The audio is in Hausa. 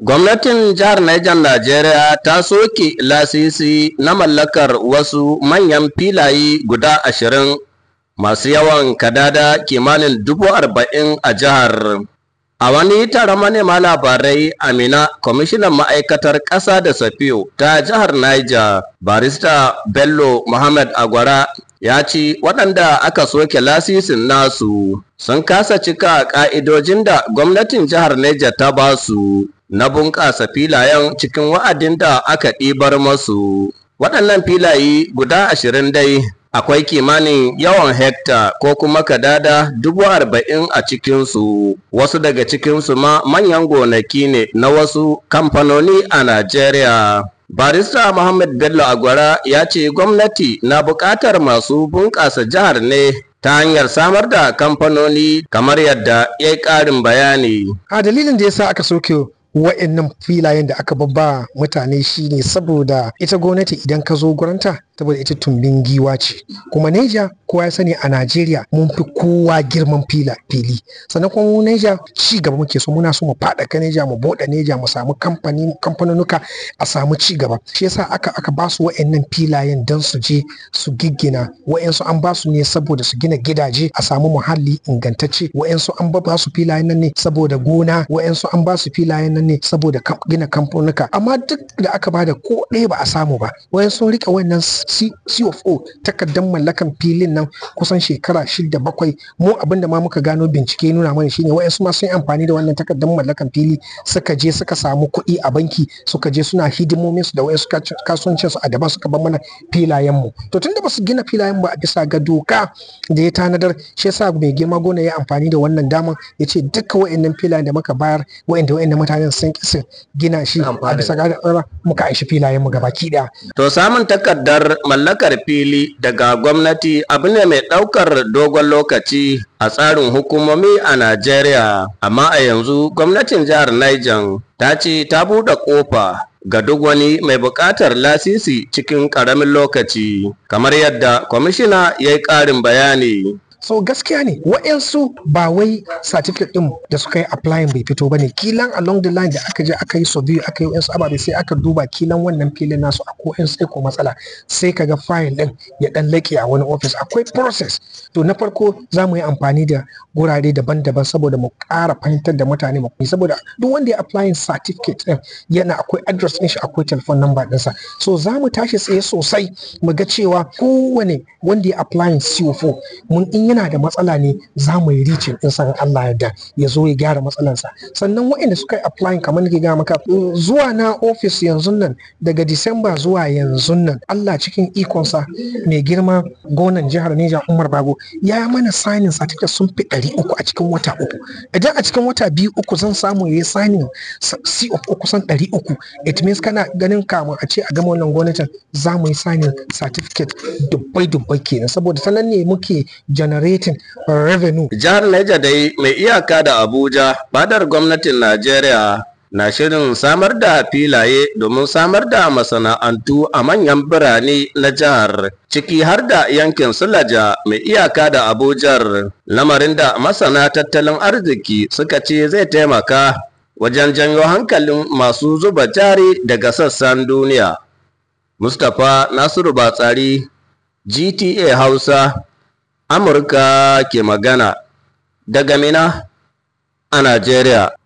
Gwamnatin jihar Niger Najeriya ta soke lasisi na mallakar wasu manyan filaye guda ashirin masu yawan kadada kimanin dubu arba'in a jihar. A wani taron manema labarai Amina, kwamishinan ma'aikatar ƙasa da Safiyo ta jihar Niger, barista Bello Muhammad Agwara ya ce waɗanda aka soke lasisin nasu sun kasa cika ƙa'idojin da gwamnatin jihar Niger ta basu. na bunƙasa filayen cikin wa'adin da aka ɗibar masu. Waɗannan filaye guda ashirin dai akwai kimanin yawan hekta ko kuma kadada dubu arba'in a cikinsu wasu daga cikinsu ma manyan gonaki ne na wasu kamfanoni a Najeriya. Barista Muhammad Bello Agwara ya ce gwamnati na buƙatar masu bunƙasa jihar ne ta hanyar samar da kamfanoni kamar yadda ya yi ƙarin bayani. A dalilin da ya sa aka soke wa'annan filayen da aka babba mutane shine saboda ita gwamnati idan ka zo guranta saboda ita tumbin giwa ce kuma neja kowa ya sani a najeriya mun fi kowa girman fila fili sannan kuma mu neja ci gaba muke so muna so mu ka neja mu buɗe neja mu samu kamfani kamfanonuka a samu ci gaba shi yasa aka aka ba su wa'annan filayen dan su je su giggina wa'ansu an ba su ne saboda su gina gidaje a samu muhalli ingantacce wa'ansu an ba su filayen nan ne saboda gona wa'ansu an ba su filayen wannan ne saboda gina kamfanuka amma duk da aka bada ko ɗaya ba a samu ba wayan sun rika wannan CFO takardar mallakan filin nan kusan shekara shida bakwai mu abin da ma muka gano bincike nuna mana shine wayan su ma sun amfani da wannan takardar mallakan fili suka je suka samu kuɗi a banki suka je suna hidimomin su da wayan suka kasuwancin su a daban suka bar mana filayen mu to tunda ba su gina filayen ba a bisa ga doka da ya tanadar shi yasa mai girma gona ya amfani da wannan daman ya ce duka wayannan filayen da muka bayar wayanda wayannan mutane sun gina shi a bisa ga muka aishi filayen mu gaba to samun takardar mallakar fili daga gwamnati abu ne mai ɗaukar dogon lokaci a tsarin hukumomi a Najeriya amma a yanzu gwamnatin jihar Niger ta ce ta buɗe kofa ga duk wani mai buƙatar lasisi cikin ƙaramin lokaci kamar yadda kwamishina ya yi ƙarin bayani so gaskiya ne wa'yansu ba wai certificate din da suka yi applying bai fito ba ne. kilan along the line da aka je aka yi so biyu aka yi wa'yansu ababe sai aka duba kilan wannan filin nasu a ko sai ko matsala sai kaga file din ya dan laƙe a wani office akwai process to na farko za mu yi amfani da gurare daban-daban saboda mu ƙara fahimtar da mutane mu saboda duk wanda ya applying certificate din yana akwai address din shi akwai telephone number ɗinsa so za mu tashi tsaye sosai mu ga cewa kowane wanda ya applying CO4 mun yana da matsala ne za mu yi ricin in san Allah yadda ya zo ya gyara matsalansa sannan waɗanda suka yi applying kamar nake ga maka zuwa na ofis yanzu nan daga Disamba zuwa yanzu nan Allah cikin ikonsa mai girma gonan jihar Niger Umar Bago ya mana signing certificate sun fi ɗari uku a cikin wata uku idan a cikin wata biyu uku zan samu ya yi signing C of ɗari uku it means kana ganin kama a ce a gama wannan gwamnatin za mu yi signing certificate dubbai dubbai kenan saboda sanan ne muke jana generating revenue. Jihar Leja dai mai iyaka da Abuja, fadar gwamnatin Najeriya na shirin samar da filaye domin samar da masana'antu a manyan birane na jihar ciki har da yankin sulaja mai iyaka da Abuja, lamarin da masana tattalin arziki suka ce zai taimaka wajen janyo hankalin masu zuba jari daga sassan duniya mustapha nasiru batsari gta hausa Amurka ke magana daga Mina a Najeriya.